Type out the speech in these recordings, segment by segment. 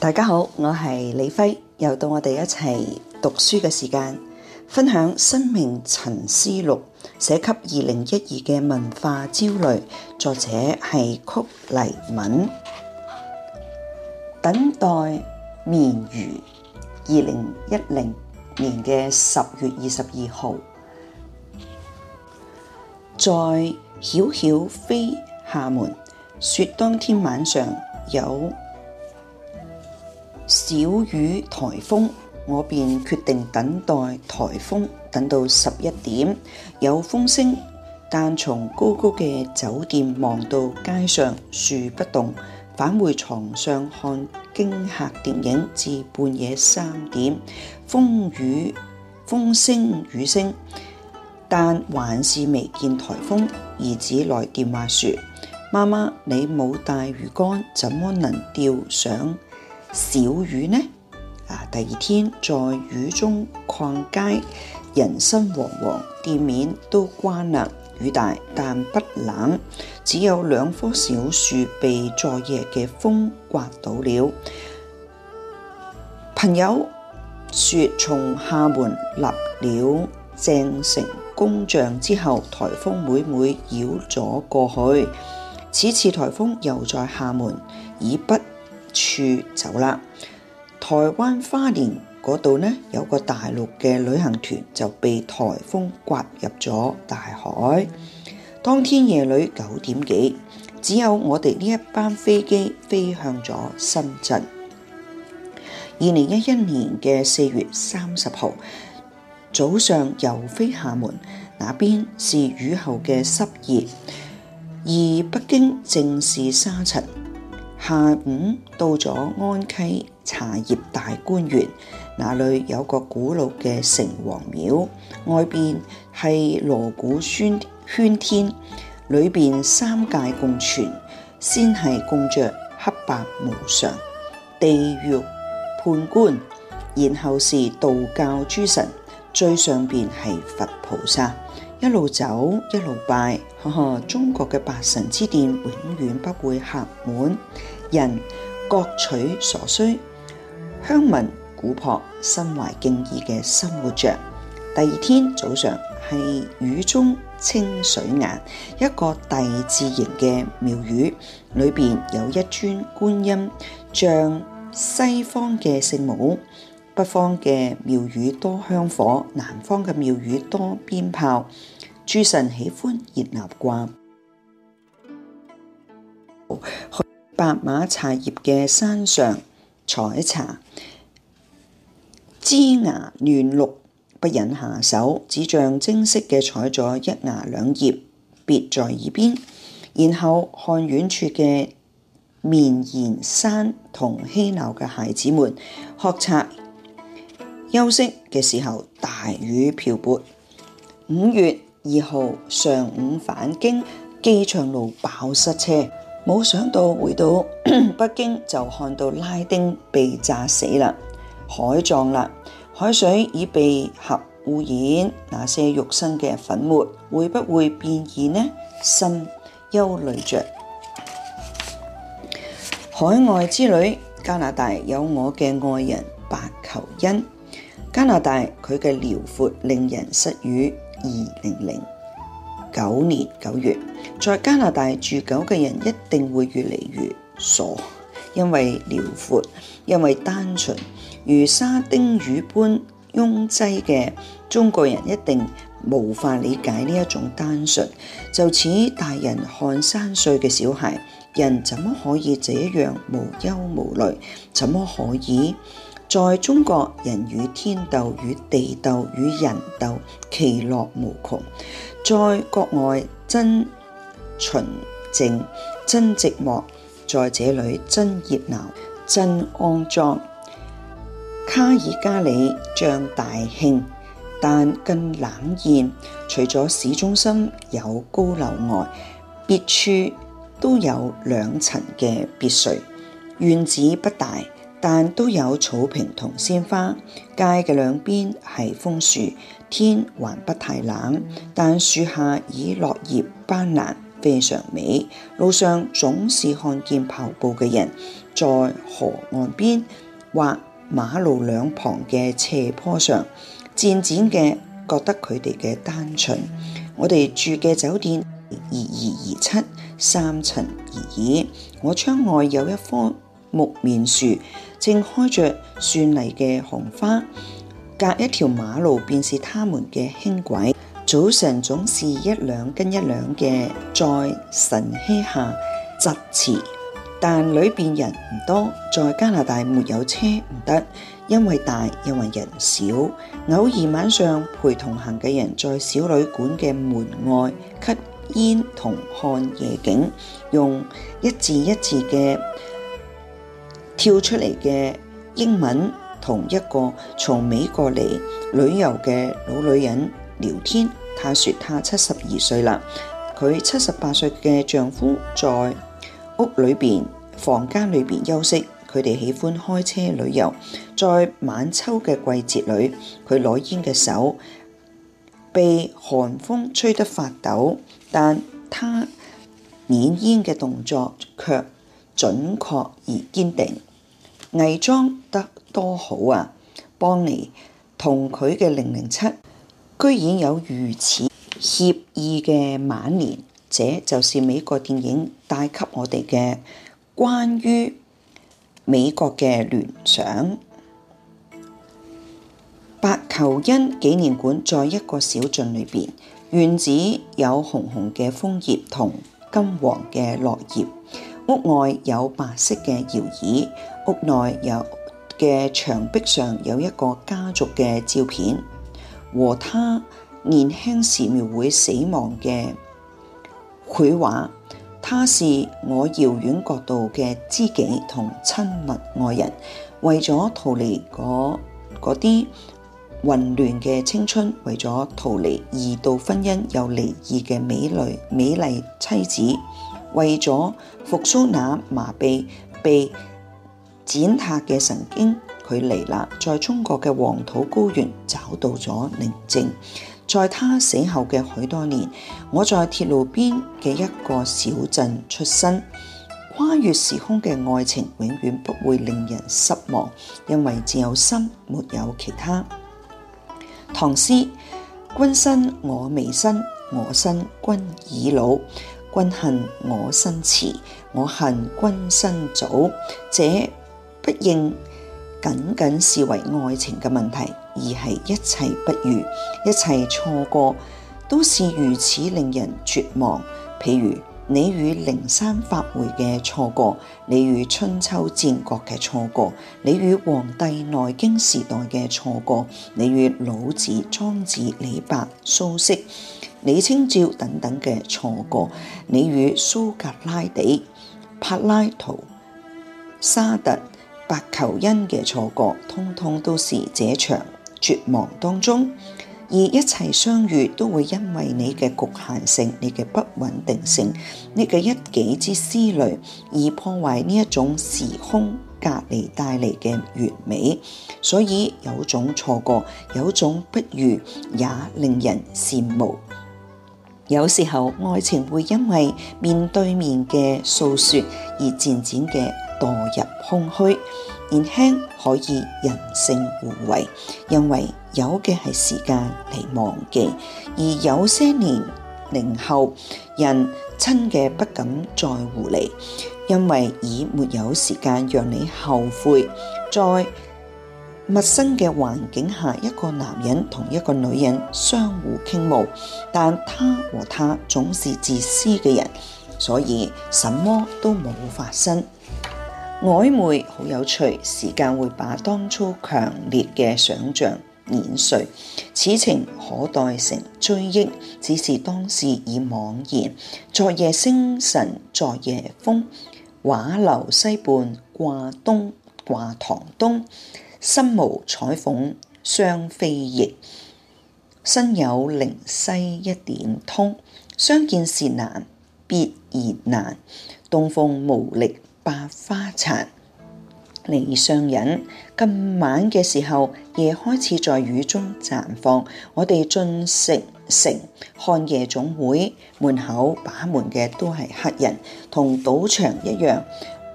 大家好，我係李輝，又到我哋一齊讀書嘅時間，分享《生命沉思錄》寫給二零一二嘅文化焦慮，作者係曲黎敏。等待綿如，二零一零年嘅十月二十二號，在曉曉飛廈門，說當天晚上有。小雨颱風，我便決定等待颱風，等到十一點有風聲，但從高高嘅酒店望到街上樹不動，返回床上看驚嚇電影至半夜三點，風雨風聲雨聲，但還是未見颱風。兒子來電話說：媽媽你冇帶魚竿，怎麼能釣上？小雨呢？啊，第二天在雨中逛街，人心惶惶，店面都關啦。雨大但不冷，只有兩棵小樹被昨夜嘅風颳倒了。朋友說，從廈門立了鄭成功像之後，颱風每每繞咗過去。此次颱風又在廈門，以不處走啦，台灣花蓮嗰度呢，有個大陸嘅旅行團就被台風刮入咗大海。當天夜裏九點幾，只有我哋呢一班飛機飛向咗深圳。二零一一年嘅四月三十號早上，又飛廈門，那邊是雨後嘅濕熱，而北京正是沙塵。下午。到咗安溪茶葉大觀園，那裏有個古老嘅城隍廟，外邊係鑼鼓喧喧天，裏邊三界共存，先係供着黑白無常、地獄判官，然後是道教諸神，最上邊係佛菩薩，一路走一路拜，呵呵，中國嘅八神之殿永遠不會客滿人。各取所需，鄉民古樸，心懷敬意嘅生活着。第二天早上係雨中清水岩，一個大字型嘅廟宇，裏邊有一尊觀音，像西方嘅聖母。北方嘅廟宇多香火，南方嘅廟宇多鞭炮。諸神喜歡熱鬧慣。白馬茶葉嘅山上採茶，枝芽嫩綠，不忍下手，只像珍惜嘅採咗一芽兩葉，別在耳邊，然後看遠處嘅綿延山同嬉鬧嘅孩子們學茶。休息嘅時候，大雨瓢潑。五月二號上午返京，機場路爆塞車。冇想到回到 北京就看到拉丁被炸死啦，海葬啦，海水已被核污染，那些肉身嘅粉末會不會變異呢？心憂慮着。海外之旅，加拿大有我嘅愛人白求恩，加拿大佢嘅遼闊令人失語。二零零九年九月。在加拿大住久嘅人一定會越嚟越傻，因為遼闊，因為單純，如沙丁魚般擁擠嘅中國人一定無法理解呢一種單純。就似大人看三歲嘅小孩，人怎麼可以這樣無憂無慮？怎麼可以？在中國，人與天鬥，與地鬥，與人鬥，其樂無窮。在國外真。純淨真寂寞，在這裏真熱鬧，真安裝。卡爾加里像大慶，但更冷豔。除咗市中心有高樓外，別處都有兩層嘅別墅。院子不大，但都有草坪同鮮花。街嘅兩邊係楓樹，天還不太冷，但樹下已落葉斑斕。非常美，路上總是看見跑步嘅人，在河岸邊或馬路兩旁嘅斜坡上，漸漸嘅覺得佢哋嘅單純。我哋住嘅酒店二二二七三層而已，我窗外有一棵木棉樹，正開着絢麗嘅紅花。隔一條馬路便是他們嘅輕軌。早上總是一輛跟一輛嘅在晨曦下疾馳，但裏面人唔多。在加拿大沒有車唔得，因為大，因為人少。偶爾晚上陪同行嘅人在小旅館嘅門外吸煙同看夜景，用一字一字嘅跳出嚟嘅英文，同一個從美國嚟旅遊嘅老女人聊天。他說：他七十二歲啦，佢七十八歲嘅丈夫在屋裏邊房間裏邊休息。佢哋喜歡開車旅遊，在晚秋嘅季節裏，佢攞煙嘅手被寒風吹得發抖，但他捻煙嘅動作卻準確而堅定。偽裝得多好啊，邦尼同佢嘅零零七。居然有如此愜意嘅晚年，這就是美國電影帶給我哋嘅關於美國嘅聯想。白求恩紀念館在一個小鎮裏邊，院子有紅紅嘅楓葉同金黃嘅落葉，屋外有白色嘅搖椅，屋內有嘅牆壁上有一個家族嘅照片。和他年輕時描繪死亡嘅繪畫，他是我遙遠國度嘅知己同親密愛人。為咗逃離嗰嗰啲混亂嘅青春，為咗逃離二度婚姻又離異嘅美麗美麗妻子，為咗復蘇那麻痹被剪下嘅神經。佢嚟啦，在中國嘅黃土高原找到咗寧靜。在他死後嘅許多年，我在鐵路邊嘅一個小鎮出生。跨越時空嘅愛情永遠不會令人失望，因為只有心，沒有其他。唐詩：君生我未生，我生君已老。君恨我生遲，我恨君生早。這不應，僅僅視為愛情嘅問題，而係一切不如，一切錯過，都是如此令人絕望。譬如你與靈山法會嘅錯過，你與春秋戰國嘅錯過，你與黃帝內經時代嘅錯過，你與老子、莊子、李白、蘇軾、李清照等等嘅錯過，你與蘇格拉底、柏拉圖、沙特。白求恩嘅錯覺，通通都是這場絕望當中；而一切相遇都會因為你嘅局限性、你嘅不穩定性、你嘅一己之思慮，而破壞呢一種時空隔離帶嚟嘅完美。所以有種錯覺，有種不如，也令人羨慕。有時候愛情會因為面對面嘅訴說而漸漸嘅。墮入空虛，年輕可以人性互慰，因為有嘅係時間嚟忘記；而有些年齡後，人真嘅不敢再互離，因為已沒有時間讓你後悔。在陌生嘅環境下，一個男人同一個女人相互傾慕，但他和他總是自私嘅人，所以什麼都冇發生。曖昧好有趣，時間會把當初強烈嘅想象碾碎。此情可待成追憶，只是當時已惘然。昨夜星辰昨夜風，畫樓西畔掛東掛堂東。身無彩鳳雙飛翼，心有靈犀一點通。相見時難，別亦難。東風無力。白花茶，霓上引。今晚嘅時候，夜開始在雨中綻放。我哋進城城看夜總會門口把門嘅都係黑人，同賭場一樣。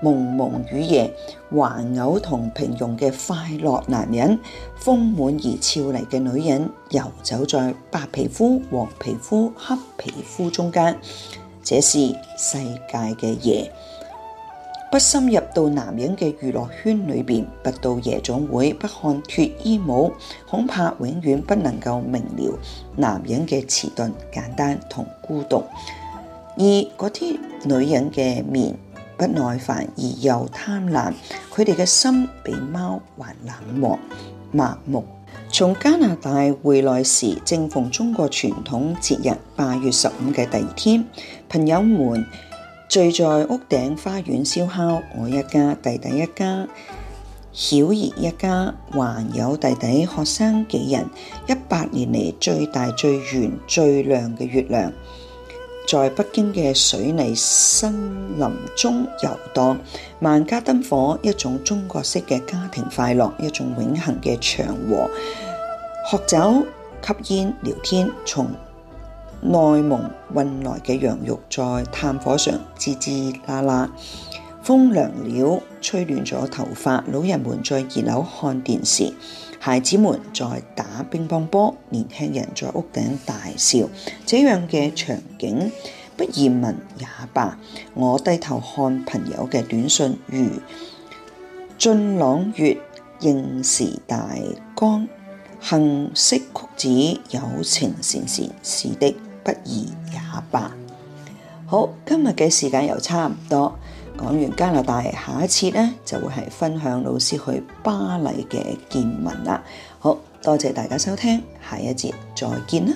蒙蒙雨夜，頑偶同平庸嘅快樂男人，豐滿而俏麗嘅女人，遊走在白皮膚、黃皮膚、黑皮膚中間，這是世界嘅夜。不深入到男人嘅娛樂圈裏邊，不到夜總會，不看脱衣舞，恐怕永遠不能夠明瞭男人嘅遲鈍、簡單同孤獨。而嗰啲女人嘅面不耐煩而又貪婪，佢哋嘅心比貓還冷漠、麻木。從加拿大回來時，正逢中國傳統節日八月十五嘅第二天，朋友們，聚在屋頂花園燒烤，我一家、弟弟一家、曉兒一家，還有弟弟學生幾人。一百年嚟最大、最圓、最亮嘅月亮，在北京嘅水泥森林中遊蕩。萬家燈火，一種中國式嘅家庭快樂，一種永恒嘅祥和。喝酒、吸煙、聊天，從內蒙運來嘅羊肉在炭火上滋滋啦啦，風涼了，吹亂咗頭髮。老人們在二樓看電視，孩子們在打乒乓波，年輕人在屋頂大笑。這樣嘅場景，不移民也罷。我低頭看朋友嘅短信如，如俊朗月應時大江。行色曲子，友情善善，是的，不宜也罷。好，今日嘅時間又差唔多，講完加拿大，下一次呢就會係分享老師去巴黎嘅見聞啦。好多謝大家收聽，下一節再見啦。